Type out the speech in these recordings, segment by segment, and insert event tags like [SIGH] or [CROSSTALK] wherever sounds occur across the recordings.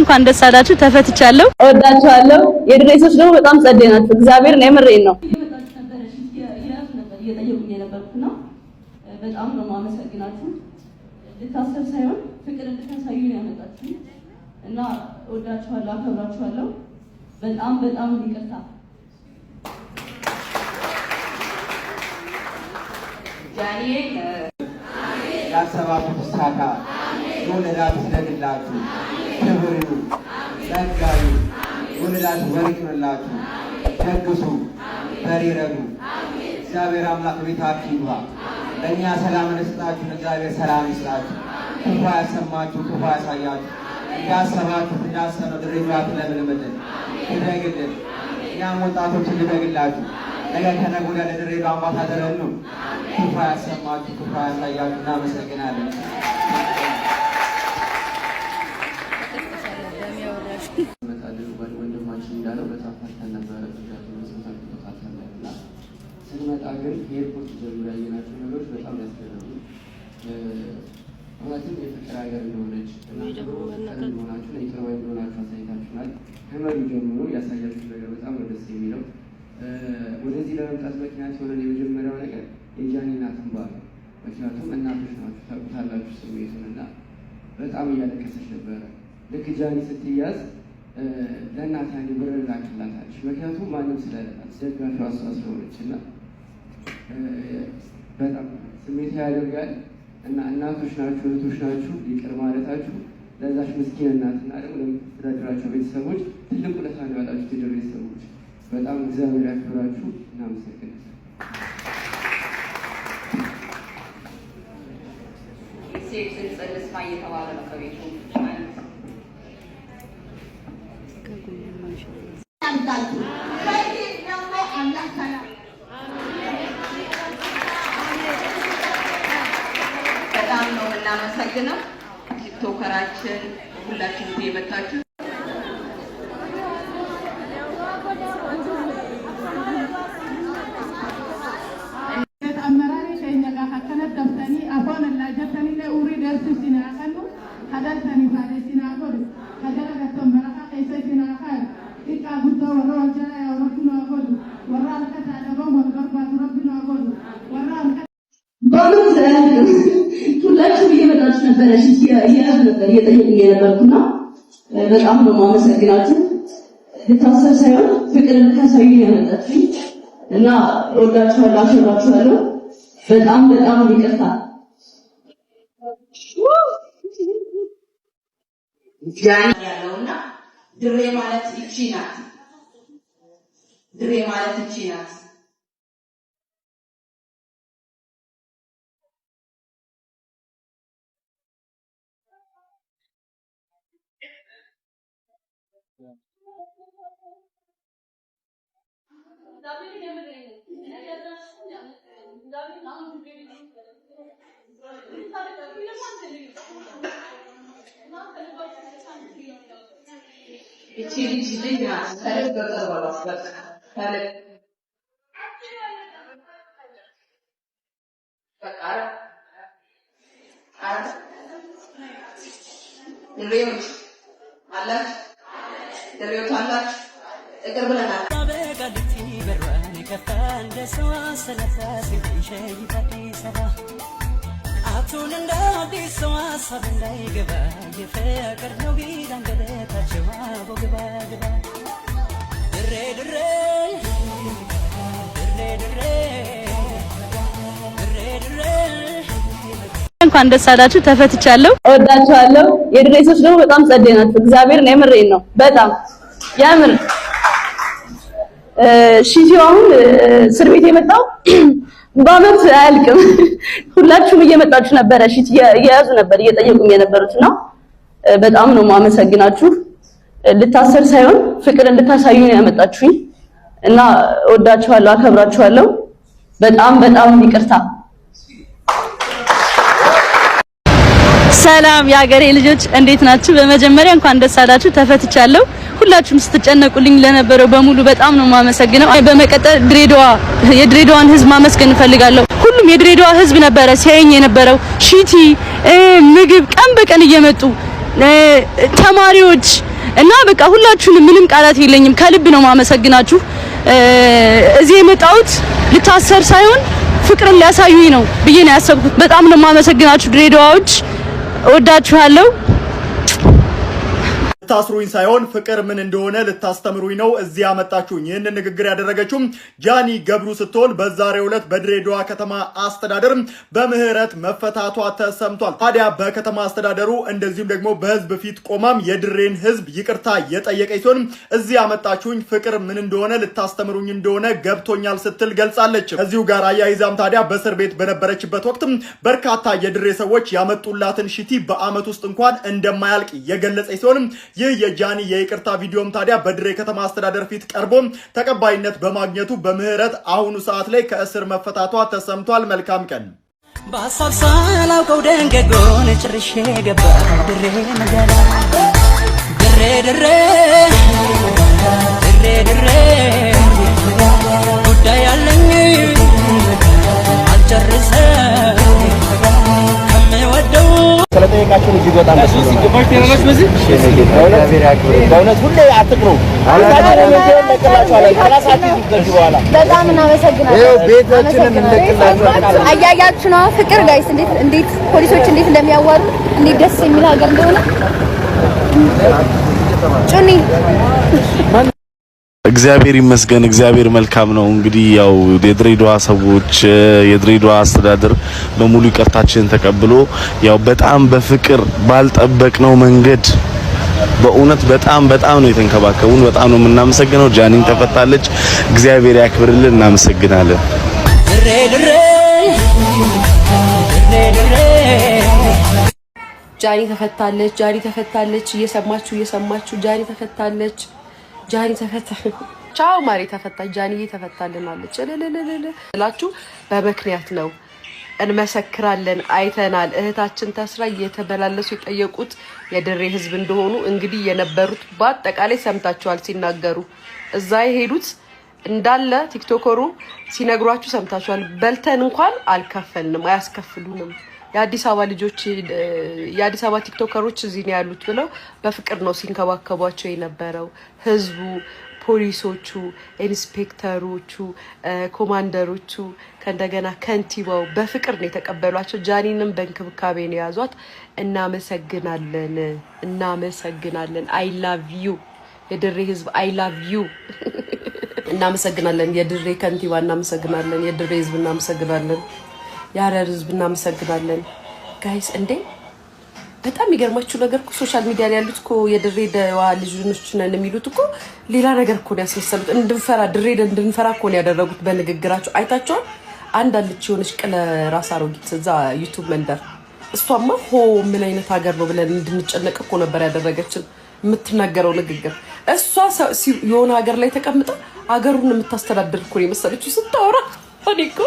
እንኳን ደስ አላችሁ። ተፈትቻለሁ። እወዳችኋለሁ። የድሬሶች ደግሞ በጣም ጸደይ ናቸው። እግዚአብሔርን የምሬን ነው። እየጠየቁኝ የነበርኩት ነው። በጣም ነው የማመሰግናችሁ። ልታሰብ ሳይሆን ፍቅር እንድታሳዩ ነው ያመጣችሁ እና እወዳችኋለሁ፣ አከብራችኋለሁ። በጣም በጣም ይቅርታ። ጃንዬ ያሰባችሁት ሳካ ለወለዳት ይደግላችሁ፣ ክብር ጸጋ ወለዳት ወርቅ ደግሱ በሬ ረዱ። እግዚአብሔር አምላክ ቤታችሁ ይግባ። ለእኛ ሰላምን ስጣችሁ። እግዚአብሔር ሰላም ይስጣችሁ። ክፉ ያሰማችሁ፣ ክፉ ያሳያችሁ። እንዳሰባችሁ እንዳሰነው ድርጅት ለምልምልን ትደግልን። እኛም ወጣቶች ልደግላችሁ። ነገ ከነገ ወዲያ ለድሬዳዋ አምባሳደር ክፉ ያሰማችሁ፣ ክፉ ያሳያችሁ። እናመሰግናለን። ስመጣ ግን ከኤርፖርት ጀምሮ ያየናቸው ነገሮች በጣም ያስደነቁ እውነትም የፍቅር ሀገር እንደሆነች እንደሆናችሁ ኢትዮጵያዊ እንደሆናችሁ አሳይታችሁናል። ከመሪ ጀምሮ ያሳያችሁ ነገር በጣም ነው ደስ የሚለው። ወደዚህ ለመምጣት ምክንያት የሆነን የመጀመሪያው ነገር የጃኒ እናት እንባ ነው። ምክንያቱም እናቶች ናችሁ ታውቁታላችሁ ስሜቱን እና በጣም እያለቀሰች ነበረ። ልክ ጃኒ ስትያዝ ለእናት ያኔ ብር ላክላታለች። ምክንያቱም ማንም ስለሌላት ደጋፊዋ እሷ ስለሆነች እና በጣም ስሜት ያደርጋል እና እናቶች ናችሁ፣ እህቶች ናችሁ። ይቅር ማለታችሁ ለዛች ምስኪን እናት እናትና ደግሞ ለምትተዳድራቸው ቤተሰቦች ትልቅ ውለታ ነው ያላችሁት። የደ ቤተሰቦች በጣም እግዚአብሔር ያክብራችሁ። እናመሰግን ሴት ስንጸልስማ እየተባለ ነው ከቤቱ ሁላችን ሁላችን የመጣችሁ ነበረች እያሉ ነበር እየጠየቅኝ የነበርኩና በጣም ነው የማመሰግናችሁ። ልታሰብ ሳይሆን ፍቅር ልታሳዩ ያመጣችኝ እና ወዳችኋለሁ፣ አሸባችኋለሁ። በጣም በጣም ይቅርታ። ጃኒ ያለውና ድሬ ማለት እቺ ናት። ድሬ ማለት እቺ ናት። Müdavimi yemeğini. Ne yerden çıkınca müdavimi hanım cübbeli Bir tane de öyle sen deniyor. Bundan seni başlıyor. Talep kadar var aslında. Talep. ሀሳብ እንዳይገባ የፍቅር ነው ጌታ አንገበታቸው አቦ ግባ ግባ ድሬ ድሬ እንኳን ደስ አላችሁ። ተፈትቻለሁ። እወዳችኋለሁ። የድሬ ሰዎች ደግሞ በጣም ጸዴ ናቸው። እግዚአብሔርን የምሬን ነው። በጣም የምር ሺሺው አሁን እስር ቤት የመጣው [CLEARS THROAT] በአመት አያልቅም ሁላችሁም እየመጣችሁ ነበረ። ሺት እየያዙ ነበር እየጠየቁም የነበሩት እና በጣም ነው የማመሰግናችሁ። ልታሰር ሳይሆን ፍቅር እንድታሳዩ ነው ያመጣችሁኝ እና ወዳችኋለሁ፣ አከብራችኋለሁ። በጣም በጣም ይቅርታ። ሰላም የሀገሬ ልጆች እንዴት ናችሁ? በመጀመሪያ እንኳን ደስ አላችሁ። ተፈትቻለሁ። ሁላችሁም ስትጨነቁልኝ ለነበረው በሙሉ በጣም ነው የማመሰግነው። በመቀጠል ድሬዳዋ የድሬዳዋን ህዝብ ማመስገን እፈልጋለሁ። ሁሉም የድሬዳዋ ህዝብ ነበረ ሲያየኝ የነበረው ሺቲ ምግብ ቀን በቀን እየመጡ ተማሪዎች እና በቃ ሁላችሁንም ምንም ቃላት የለኝም። ከልብ ነው ማመሰግናችሁ። እዚህ የመጣሁት ልታሰር ሳይሆን ፍቅርን ሊያሳዩኝ ነው ብዬ ነው ያሰብኩት። በጣም ነው ማመሰግናችሁ ድሬዳዋዎች፣ እወዳችኋለሁ። ልታስሩኝ ሳይሆን ፍቅር ምን እንደሆነ ልታስተምሩኝ ነው እዚህ ያመጣችሁኝ። ይህንን ንግግር ያደረገችው ጃኒ ገብሩ ስትሆን በዛሬው ዕለት በድሬዳዋ ከተማ አስተዳደር በምህረት መፈታቷ ተሰምቷል። ታዲያ በከተማ አስተዳደሩ እንደዚሁም ደግሞ በህዝብ ፊት ቆማም የድሬን ህዝብ ይቅርታ የጠየቀች ሲሆን እዚህ ያመጣችሁኝ ፍቅር ምን እንደሆነ ልታስተምሩኝ እንደሆነ ገብቶኛል ስትል ገልጻለች። ከዚሁ ጋር አያይዛም ታዲያ በእስር ቤት በነበረችበት ወቅት በርካታ የድሬ ሰዎች ያመጡላትን ሽቲ በአመት ውስጥ እንኳን እንደማያልቅ የገለጸች ሲሆን ይህ የጃኒ የይቅርታ ቪዲዮም ታዲያ በድሬ ከተማ አስተዳደር ፊት ቀርቦ ተቀባይነት በማግኘቱ በምህረት አሁኑ ሰዓት ላይ ከእስር መፈታቷ ተሰምቷል። መልካም ቀን። በሀሳብ ሳላውቀው ደንገጎን ጭርሼ ገባ ድሬ መገላ ድሬ ድሬ እራሱን እጅግ በጣም በእውነት ሁሌ ነው ፍቅር ጋይስ፣ እንዴት ፖሊሶች እንዴት እንደሚያዋሩ እንዴት ደስ የሚል ሀገር እንደሆነ ጩኒ እግዚአብሔር ይመስገን። እግዚአብሔር መልካም ነው። እንግዲህ ያው የድሬዳዋ ሰዎች የድሬዳዋ አስተዳደር በሙሉ ይቅርታችንን ተቀብሎ ያው በጣም በፍቅር ባልጠበቅነው መንገድ በእውነት በጣም በጣም ነው የተንከባከቡን። በጣም ነው የምናመሰግነው። ጃኒን ተፈታለች። እግዚአብሔር ያክብርልን። እናመሰግናለን። ጃኒ ተፈታለች። ጃኒ ተፈታለች። እየሰማችሁ እየሰማችሁ ጃኒ ተፈታለች። ጃኒ ተፈታ፣ ቻው ማሪ ተፈታች፣ ጃኒ ተፈታልናለች ብላችሁ በምክንያት ነው። እንመሰክራለን አይተናል። እህታችን ተስራ እየተበላለሱ የጠየቁት የድሬ ህዝብ እንደሆኑ እንግዲህ የነበሩት በአጠቃላይ ሰምታችኋል ሲናገሩ እዛ የሄዱት እንዳለ ቲክቶከሩ ሲነግሯችሁ ሰምታችኋል። በልተን እንኳን አልከፈልንም፣ አያስከፍሉንም የአዲስ አበባ ልጆች የአዲስ አበባ ቲክቶከሮች እዚህ ነው ያሉት ብለው በፍቅር ነው ሲንከባከቧቸው የነበረው ህዝቡ፣ ፖሊሶቹ፣ ኢንስፔክተሮቹ፣ ኮማንደሮቹ ከእንደገና ከንቲባው በፍቅር ነው የተቀበሏቸው። ጃኒንም በእንክብካቤ ነው የያዟት። እናመሰግናለን፣ እናመሰግናለን። አይ ላቭ ዩ የድሬ ህዝብ፣ አይ ላቭ ዩ [LAUGHS] እናመሰግናለን። የድሬ ከንቲባ እናመሰግናለን። የድሬ ህዝብ እናመሰግናለን። የሀረር ህዝብ እናመሰግናለን። ጋይስ እንዴ በጣም የሚገርማችሁ ነገር እኮ ሶሻል ሚዲያ ላይ ያሉት እኮ የድሬዳዋ ልጆች ነን የሚሉት እኮ ሌላ ነገር እኮ ነው ያስመሰሉት። እንድንፈራ ድሬዳዋ እንድንፈራ እኮ ነው ያደረጉት በንግግራቸው። አይታቸዋል። አንድ አለች የሆነች ቅለ ራስ አሮጊት እዛ ዩቱብ መንደር። እሷማ ሆ ምን አይነት ሀገር ነው ብለን እንድንጨነቅ እኮ ነበር ያደረገችን የምትናገረው ንግግር። እሷ የሆነ ሀገር ላይ ተቀምጣ ሀገሩን የምታስተዳድር እኮ ነው የመሰለችው ስታወራ እኔ እኮ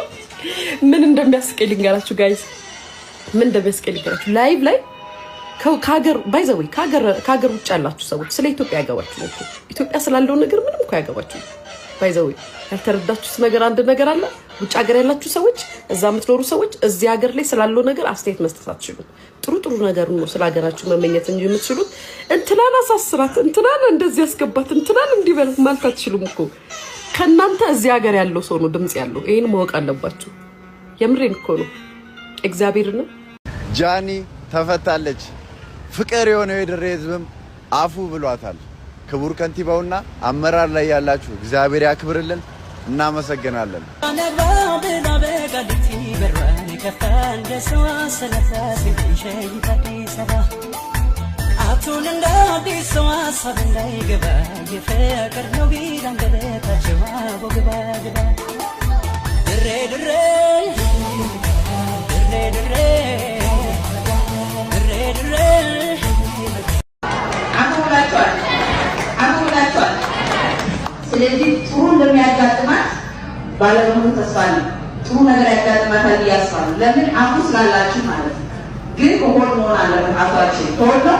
ምን እንደሚያስቀኝ ልንገራችሁ ጋይስ፣ ምን እንደሚያስቀኝ ልንገራችሁ። ላይቭ ላይ ከሀገር ባይዘወይ ከሀገር ውጭ ያላችሁ ሰዎች ስለ ኢትዮጵያ ያገባችሁ፣ ነው ኢትዮጵያ ስላለው ነገር ምንም እኮ ያገባችሁ ባይዘወይ። ያልተረዳችሁት ነገር አንድ ነገር አለ። ውጭ ሀገር ያላችሁ ሰዎች፣ እዛ የምትኖሩ ሰዎች እዚህ ሀገር ላይ ስላለው ነገር አስተያየት መስጠት አትችሉም። ጥሩ ጥሩ ነገር ነው ስለ ሀገራችሁ መመኘት እንጂ የምትችሉት እንትናን አሳስራት፣ እንትናን እንደዚህ ያስገባት፣ እንትናን እንዲበላት ማለት አትችሉም እኮ ከእናንተ እዚህ ሀገር ያለው ሰው ነው ድምፅ ያለው። ይህን ማወቅ አለባችሁ። የምሬን እኮ ነው። እግዚአብሔርን ጃኒ ተፈታለች። ፍቅር የሆነው የድሬ ህዝብም አፉ ብሏታል። ክቡር ከንቲባውና አመራር ላይ ያላችሁ እግዚአብሔር ያክብርልን። እናመሰግናለን። ሀብቱን እንደ አዲስ ሰው ሀሳብ እንዳይገባ የፍቅር ነው ቢል አንደበታቸው አቦ ግባ ግባ ድሬ ድሬ ድሬ ድሬ ድሬ ድሬ አክብላቸዋል አክብላቸዋል። ስለዚህ ጥሩ እንደሚያጋጥማት ባለሙሉ ተስፋ ነው። ጥሩ ነገር ያጋጥማታል ብዬ አስባለሁ። ለምን አሁን ስላላችሁ ማለት ነው። ግን ሆድ መሆን አለበት አቷችን ሆድ ነው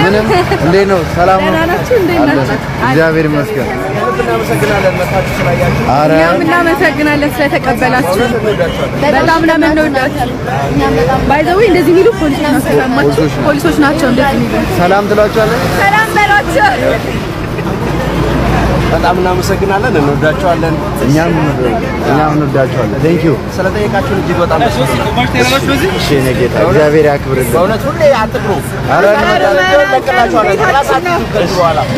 ምንም እንዴት ነው? ሰላም ነው። እግዚአብሔር ይመስገን። እናመሰግናለን ስለተቀበላችሁ። በጣም ለምን እንወዳችሁ። ባይ ዘ ወይ እንደዚህ የሚሉ ፖሊሶች ናቸው። ሰላም ትሏቸዋለህ። ሰላም በሏቸው። በጣም እናመሰግናለን። እንወዳቸዋለን። እኛም እኛም እንወዳቸዋለን። ቴንክ ዩ ስለጠየቃችሁን እጅግ በጣም ደስ ብሎናል። እሺ የእኔ ጌታ እግዚአብሔር ያክብርልን። በእውነት ሁሌ አትቅሩ።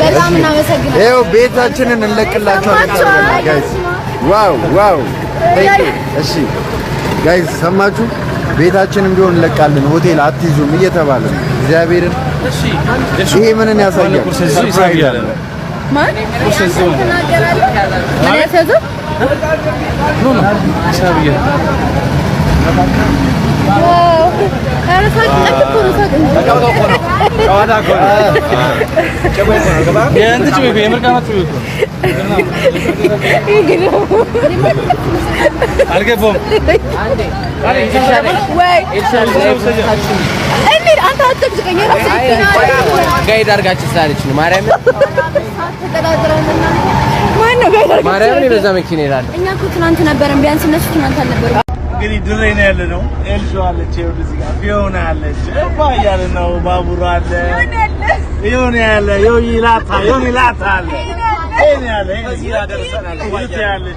በጣም እናመሰግናለን። ይኸው ቤታችንን እንለቅላቸዋለን። ጋይስ ዋው ዋው። እሺ ጋይስ ሰማችሁ? ቤታችንም ቢሆን እንለቃለን። ሆቴል አትይዙም እየተባለ እግዚአብሔርን ይሄ ምንን ያሳያል? ማለት ነው። አልገባሁም። እንሂድ አንተ ጋይድ አድርጋችሁ ስላለችኝ ማርያምን ማርያምን የበዛ መኪና ይላል። እኛ እኮ ትናንት ነበረን፣ ቢያንስ እነሱ ትናንት አልነበሩም። እንግዲህ ድሬ ነው ያለ ነው። ኤልሾ አለች፣ እዚህ ጋር ፊዮና አለች፣ እባ እያለ ነው ባቡሩ አለ፣ አለ ያለች ያለው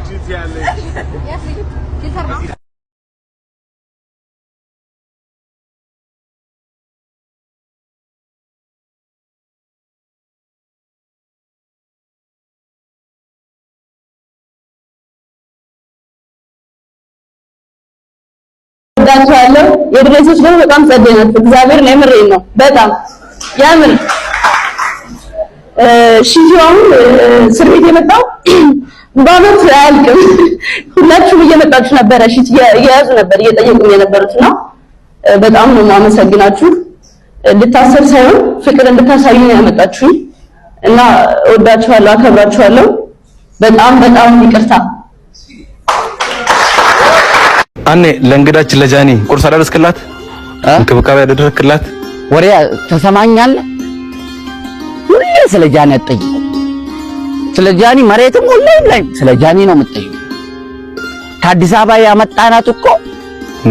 የድሬሶች ደግሞ በጣም ጸደይ ናቸው። እግዚአብሔር ላይ ምሬን ነው በጣም ያምር ሽዩ እስር ቤት የመጣው በአመት አያልቅም። ሁላችሁም እየመጣችሁ ነበረ ሽት እየያዙ ነበር እየጠየቁም የነበሩት ነው። በጣም ነው የማመሰግናችሁ። ልታሰር ሳይሆን ፍቅር እንድታሳዩ ነው ያመጣችሁኝ እና እወዳችኋለሁ፣ አከብራችኋለሁ። በጣም በጣም ይቅርታ። አኔ ለእንግዳችን ለጃኒ ቁርስ አደረስክላት፣ እንክብካቤ አደረክላት። ወሬ ተሰማኛል ስለ ጃኒ አትጠይቁም። ስለ ጃኒ መሬትም ሁሉም ላይ ስለ ጃኒ ነው የምትጠይቁ። ከአዲስ አበባ ያመጣናት እኮ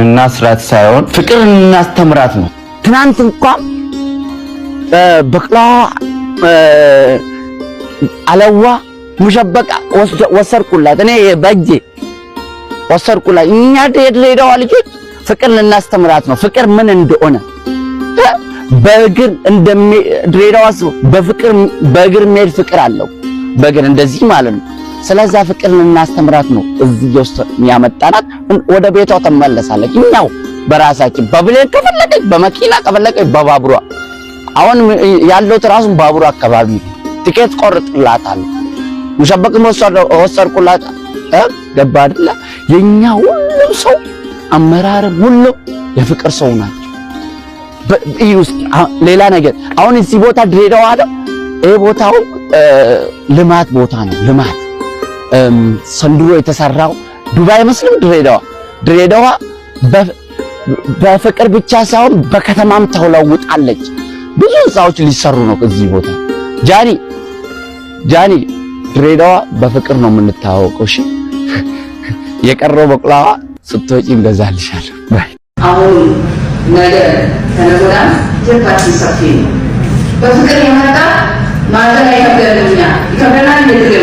እናስራት ሳይሆን ፍቅር እናስተምራት ነው። ትናንት እንኳን በቅላዋ አለዋ ሙሸበቃ ወሰርኩላት፣ እኔ በእጄ ወሰርኩላት። እኛ ድሬዳዋ ልጆች ፍቅር ልናስተምራት ነው፣ ፍቅር ምን እንደሆነ በእግር እንደሚ ድሬዳዋ በፍቅር በእግር የሚሄድ ፍቅር አለው። በእግር እንደዚህ ማለት ነው። ስለዛ ፍቅር እናስተምራት ነው እዚህ ውስጥ የሚያመጣናት። ወደ ቤቷ ትመለሳለች። እኛው በራሳችን በብሌን ከፈለገች በመኪና ከፈለገች በባቡሯ አሁን ያለው ራሱን ባቡሩ አካባቢ ቲኬት ቆርጥላታል። ሙሸበቅ ወሰድኩላት ገባ አይደለ? የኛ ሁሉም ሰው አመራር ሁሉ የፍቅር ሰው ናት። ሌላ ነገር አሁን እዚህ ቦታ ድሬዳዋ አለ። ይሄ ቦታው ልማት ቦታ ነው። ልማት ሰንድሮ የተሰራው ዱባይ መስሎ ድሬዳዋ ድሬዳዋ በፍቅር ብቻ ሳይሆን በከተማም ተለውጣለች። ብዙ ህንፃዎች ሊሰሩ ነው እዚህ ቦታ። ጃኒ ጃኒ ድሬዳዋ በፍቅር ነው የምንታወቀው። እሺ የቀረው በቅላዋ ስትወጪ እንገዛልሻለሁ። አሁን ነገ ከነገ ወዲያ የካችን ሰፊ ነው። በፍቅር የመጣ ማዘን አይከብደንምና ይከብደናል እንደዚህ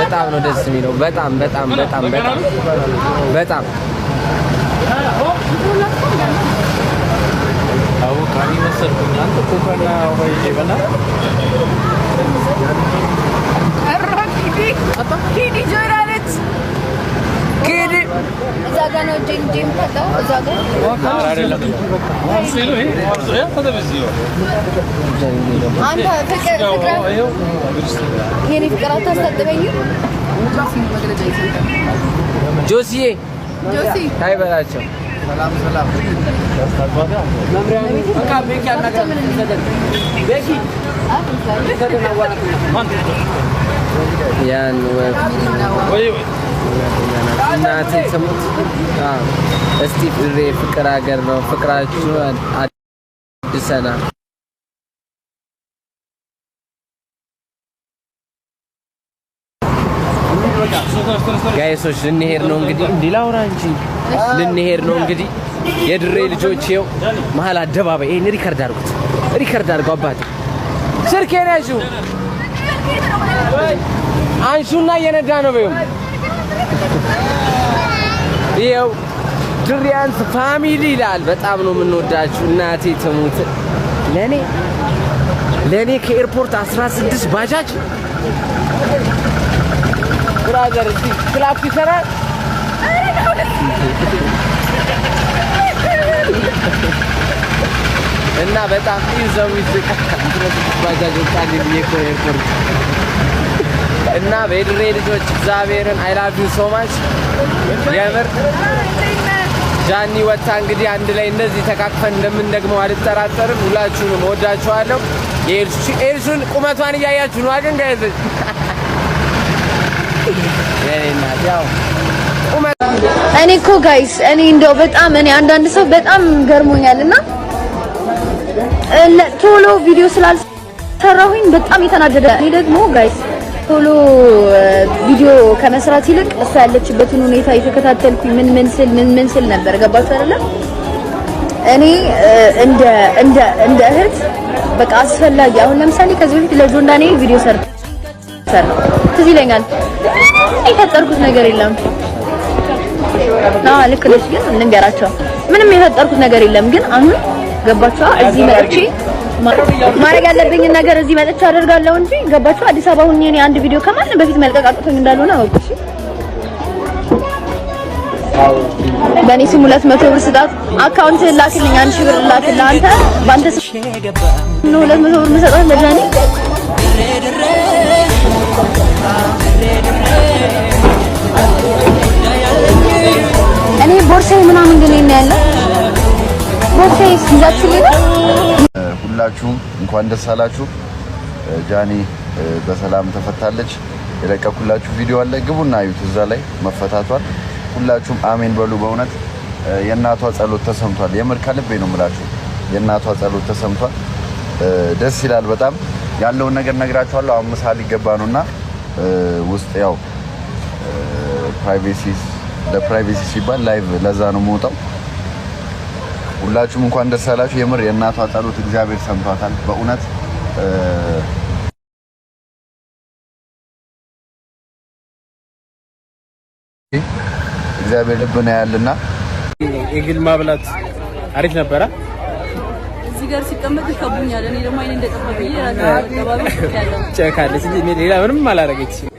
በጣም ነው ደስ የሚለው። በጣም በጣም በጣም በጣም በጣም አዎ apa? Kini Joyranet. Kini. Zagan o Jim Jim kata o Zagan. Selo he. Oraya kadar biziyor. Anta fikir fikir. Yani fikir atas tadı beni. Josie. Josie. Hay beraço. Salam salam. Kanka ben gelmek istedim. Belki. Ben ያን እናት ስሙት። እስቲ ድሬ ፍቅር ሀገር ነው። ፍቅራችሁ አድሰና ጋይሶች ልንሄድ ነው እንግዲህ። እንዲ እንጂ ልንሄድ ነው እንግዲህ። የድሬ ልጆች ይኸው መሀል አደባባይ ይሄን ሪከርድ አድርጉት፣ ሪከርድ አድርጉ አባቴ ስልኬን ያዥው አንሹና እየነዳ ነው በይው። ይኸው ድሪያንስ ፋሚሊ ይላል። በጣም ነው የምንወዳችሁ። እናቴ ትሙት ለኔ ለኔ ከኤርፖርት 16 ባጃጅ ብራዘር እዚህ ክላፕ ይሰራል። እና በጣም ይዘው ይዘቃል ባጃጆች አለ ብዬ ኤርፖርት እና በድሬ ልጆች እግዚአብሔርን አይ ላቭ ዩ ሶ ማች የምር ጃኒ ወታ እንግዲህ አንድ ላይ እንደዚህ ተቃቅፈን እንደምንደግመው አልጠራጠርም። ሁላችሁንም ወዳችኋለሁ። የኤልሱን ቁመቷን እያያችሁ ነው አይደል? እንዳይዘ ያው እኔ እኮ ጋይስ እኔ እንደው በጣም እኔ አንዳንድ ሰው በጣም ገርሞኛል እና ቶሎ ቪዲዮ ስላልሰራሁኝ በጣም የተናደደ እኔ ደግሞ ጋይስ ቶሎ ቪዲዮ ከመስራት ይልቅ እሷ ያለችበትን ሁኔታ የተከታተልኩኝ ምን ምን ስል ምን ምን ስል ነበር። ገባችሁ አይደለም? እኔ እንደ እንደ እንደ እህት በቃ አስፈላጊ አሁን ለምሳሌ ከዚህ በፊት ለጆንዳኔ ቪዲዮ ሰር ሰር ትዝ ይለኛል። የፈጠርኩት ነገር የለም ና ልክ ነሽ፣ ግን እንንገራቸው ምንም የፈጠርኩት ነገር የለም ግን አሁን ገባችሁ? እዚህ መጥቼ ማድረግ ያለብኝን ነገር እዚህ መጥቼ አደርጋለሁ እንጂ ገባችሁ? አዲስ አበባ ሁኜ እኔ አንድ ቪዲዮ ከማንም በፊት መልቀቅ አቅቶኝ እንዳልሆነ አውቁ። በእኔ ስም ሁለት መቶ ብር ስጣት፣ አካውንት ላክልኝ፣ አንድ ሺህ ብር ላክልኝ። አንተ በአንተ ስም ሁለት መቶ ብር የምሰጣት ለዳኒ እኔ ቦርሳዬ ምናምን ግን ያለው ሁላችሁም እንኳን ደስ አላችሁ። ጃኒ በሰላም ተፈታለች። የለቀኩላችሁ ቪዲዮ አለ፣ ግቡና አዩት። እዛ ላይ መፈታቷል። ሁላችሁም አሜን በሉ። በእውነት የእናቷ ጸሎት ተሰምቷል። የምር ከልቤ ነው የምላችሁ፣ የእናቷ ጸሎት ተሰምቷል። ደስ ይላል በጣም ያለውን ነገር ነግራችኋለሁ። አሁን ምሳ ሊገባ ነው እና ውስጥ ያው ፕራይቬሲ ለፕራይቬሲ ሲባል ላይቭ ለዛ ነው የምወጣው ሁላችሁም እንኳን ደስ አላችሁ። የምር የእናቷ ጸሎት እግዚአብሔር ሰምቷታል በእውነት እግዚአብሔር ልብ ነው ያልና የግል ማብላት አሪፍ ነበረ። እዚህ ጋር ሲቀመጥ ይከቡኛል። እኔ ደግሞ አይኔ እንደጠፋብኝ ሌላ ምንም አላደረገችም።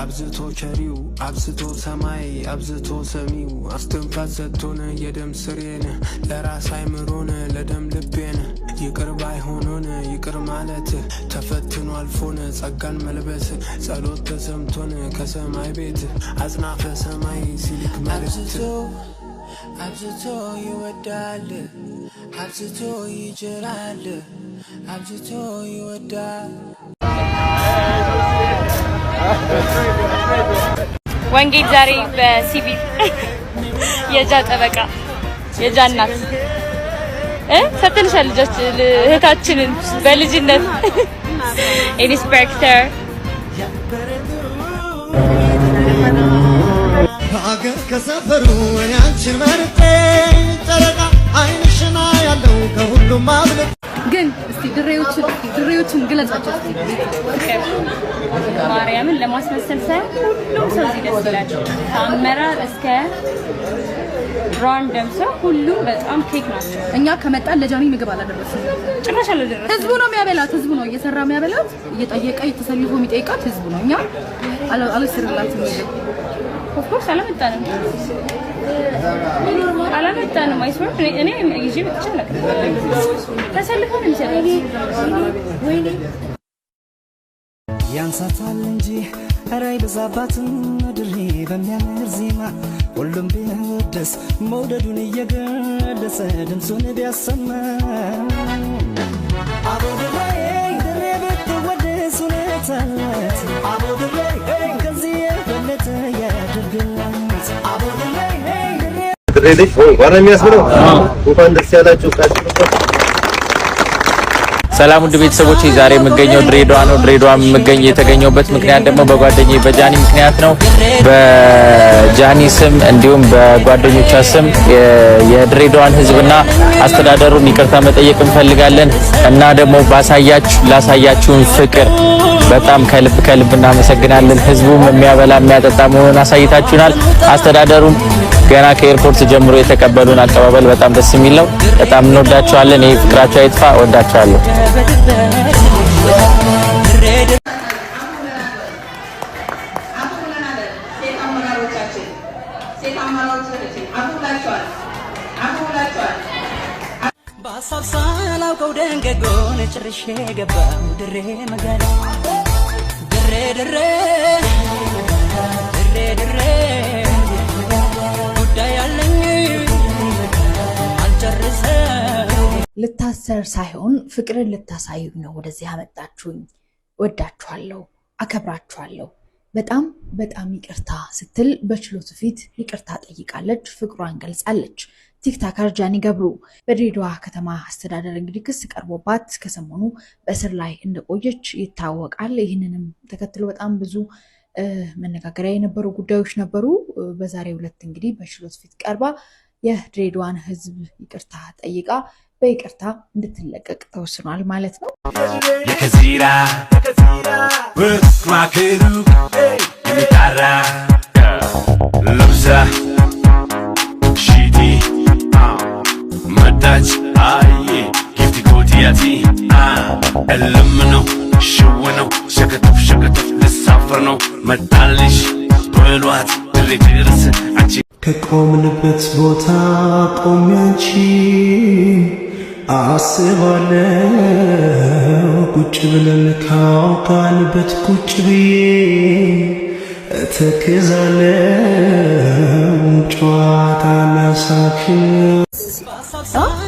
አብዝቶ ቸሪው አብዝቶ ሰማይ አብዝቶ ሰሚው አስትንፋስ ሰጥቶን የደም ስሬን ለራስ አይምሮን ለደም ልቤን ይቅር ባይሆኖን ይቅር ማለት ተፈትኖ አልፎን ጸጋን መልበስ ጸሎት ተሰምቶን ከሰማይ ቤት አጽናፈ ሰማይ ሲልክ መልእክት አብዝቶ ይወዳል አብዝቶ ይጀራል አብዝቶ ይወዳል ወንጌል ዛሬ በሲቪል የጃ ጠበቃ የጃ እናት እ ልጆች እህታችንን በልጅነት ኢንስፔክተር ከአገር ከሰፈሩ አንቺን መርጤ ጠረቃ አይንሽና ያለው ከሁሉም አብልጥ ግን እስቲ ድሬዎችን ድሬዎችን ግለጻቸው እስቲ ማርያምን ለማስመሰል ሳይሆን ሁሉም ሰው እዚህ ደስ ይላቸው። ከአመራር እስከ ራንደም ሰው ሁሉም በጣም ኬክ ናቸው። እኛ ከመጣን ለጃኒ ምግብ አላደረስም፣ ጭራሽ አላደረስም። ህዝቡ ነው የሚያበላት፣ ህዝቡ ነው እየሰራ የሚያበላት፣ እየጠየቀ እየተሰልፎ የሚጠይቃት ህዝቡ ነው። እኛ አልወስድላትም ምግብ ኦፍኮርስ አላመጣንም አላመጣንም። አይስበር እኔ ይዤ ብቻ ተሰልፈን ያንሳታል እንጂ ኧረ አይበዛባትም ምድሬ በሚያምር ዜማ ሁሉም ቢወደስ መውደዱን እየገለጸ ድምፁን ቢያሰማ ድሬ ልጅ ሆይ ዋና የሚያስብለው እንኳን ደስ ያላችሁ። ሰላም ውድ ቤተሰቦች፣ ዛሬ የምገኘው ድሬዳዋ ነው። ድሬዳዋ የምገኝ የተገኘውበት ምክንያት ደግሞ በጓደኛዬ በጃኒ ምክንያት ነው። በጃኒ ስም እንዲሁም በጓደኞቿ ስም የድሬዳዋን ሕዝብና አስተዳደሩን ይቅርታ መጠየቅ እንፈልጋለን እና ደግሞ ባሳያችሁ ላሳያችሁን ፍቅር በጣም ከልብ ከልብ እናመሰግናለን። ህዝቡም የሚያበላ የሚያጠጣ መሆኑን አሳይታችሁናል። አስተዳደሩም ገና ከኤርፖርት ጀምሮ የተቀበሉን አቀባበል በጣም ደስ የሚል ነው። በጣም እንወዳቸዋለን። ይህ ፍቅራቸው አይጥፋ። እወዳቸዋለሁ። በሀሳብ ሳላውቀው ደንገጎን ጭርሼ ድሬ መገላ ያለኝ ልታሰር ሳይሆን ፍቅርን ልታሳዩ ነው ወደዚህ ያመጣችሁኝ። ወዳችኋለሁ፣ አከብራችኋለሁ። በጣም በጣም ይቅርታ ስትል በችሎቱ ፊት ይቅርታ ጠይቃለች፣ ፍቅሯን ገልጻለች። ቲክታከር ጃኒ ገብሩ በድሬዳዋ ከተማ አስተዳደር እንግዲህ ክስ ቀርቦባት ከሰሞኑ በእስር ላይ እንደቆየች ይታወቃል። ይህንንም ተከትሎ በጣም ብዙ መነጋገሪያ የነበሩ ጉዳዮች ነበሩ። በዛሬ ሁለት እንግዲህ በችሎት ፊት ቀርባ የድሬዳዋን ሕዝብ ይቅርታ ጠይቃ በይቅርታ እንድትለቀቅ ተወስኗል ማለት ነው። የሚጣራ ለብሳ ሺቲ ታች አዬ ጊፍቲ ጎትያቲ እልም ነው ሽው ነው ሸከተፍ ሸከተፍ ልሳፍር ነው መጣልሽ በሏት ድሬ አንቺ ከቆምንበት ቦታ ቆሜ አንቺን አስባለው ቁጭ ብለን ካወጋንበት ቁጭ ብዬ እተክዛለው ጨዋታ ናሳክን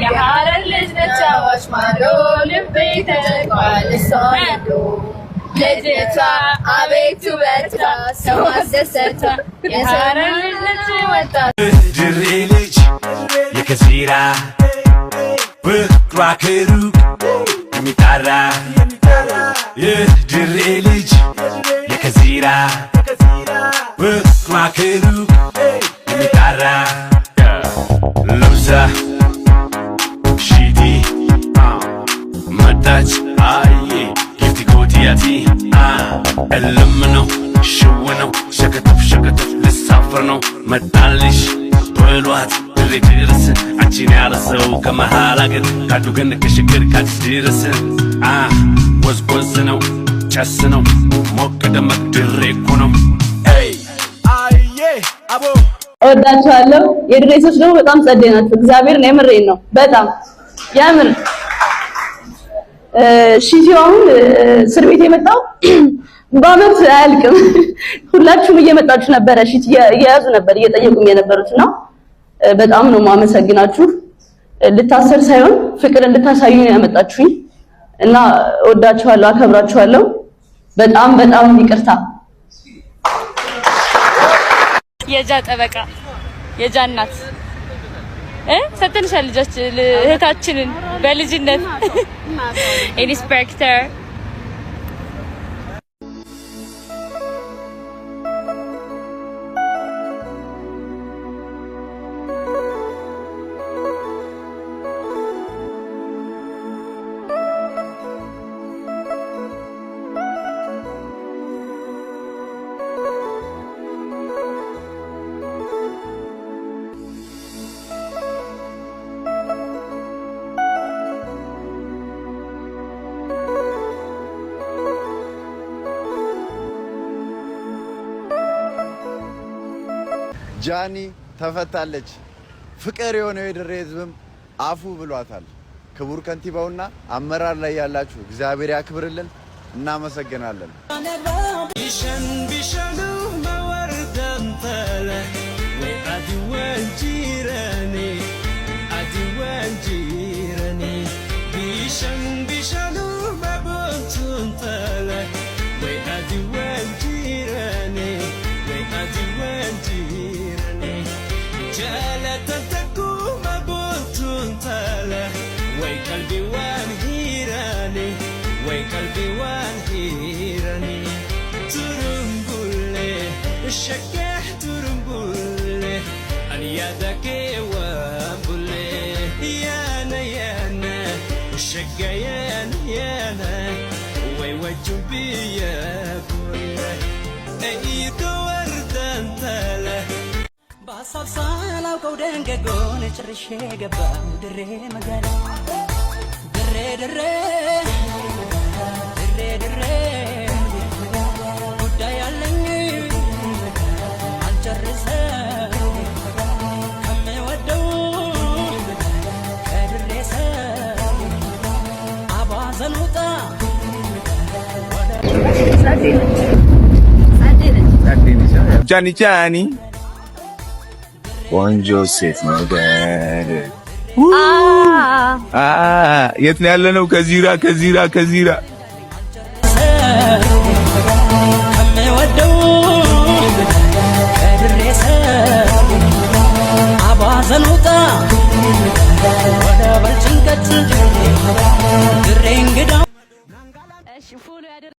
የሀረር ልጅ ልጅቷ አቤቱ በርታ ሰው አስደሰታ ድሬ ልጅ የከዚራ ፍቅሯ ከሩቅ የሚጣራ የድሬ ልጅ የከዚራ ፍቅሯ ከሩቅ የሚጣራ ለብሳ ሺቲ መጣች አዬ ጊፍት ጎትያቲ እልም ነው ሽው ነው ሸከተፍ ፍቅር ah, ah, ነው መጣልሽ በሏት ድሬ ድረስ አንቺን ያለ ሰው ከመሃል አገር ካዱ ገን ከሽግር ካች ድረስ አ ጎዝጎዝ ነው ጨስ ነው ሞቅ ደመቅ ድሬ እኮ ነው። እወዳቸዋለሁ። የድሬ ሰዎች ደግሞ በጣም ጸዴ ናቸው። እግዚአብሔርን የምሬን ነው በጣም የምር ሺፊው አሁን እስር ቤት የመጣው በአመት አያልቅም። [LAUGHS] ሁላችሁም እየመጣችሁ ነበረ፣ እሺ እየያዙ ነበር እየጠየቁም የነበሩት እና በጣም ነው የማመሰግናችሁ። ልታሰር ሳይሆን ፍቅር እንድታሳዩ ነው ያመጣችሁኝ እና ወዳችኋለሁ፣ አከብራችኋለሁ። በጣም በጣም ይቅርታ። የጃ ጠበቃ የጃ እናት እ ልጃችን እህታችንን በልጅነት [LAUGHS] ኢንስፔክተር ዳኒ ተፈታለች። ፍቅር የሆነው የድሬ ህዝብም አፉ ብሏታል። ክቡር ከንቲባውና አመራር ላይ ያላችሁ እግዚአብሔር ያክብርልን። እናመሰግናለን። ሸጋዬን የነ ወይ ወጁን ብየ እይተወርደንተለ በሀሳብ ሳላውቀው ደንገጎን ጭርሼ ገባው ድሬ መገላ ድሬ ድሬ ድሬ ድሬ ጃኒ ጃኒ ቆንጆ ሴት ነው። የት ነው ያለነው? ከዚራ ከዚራ ከዚራ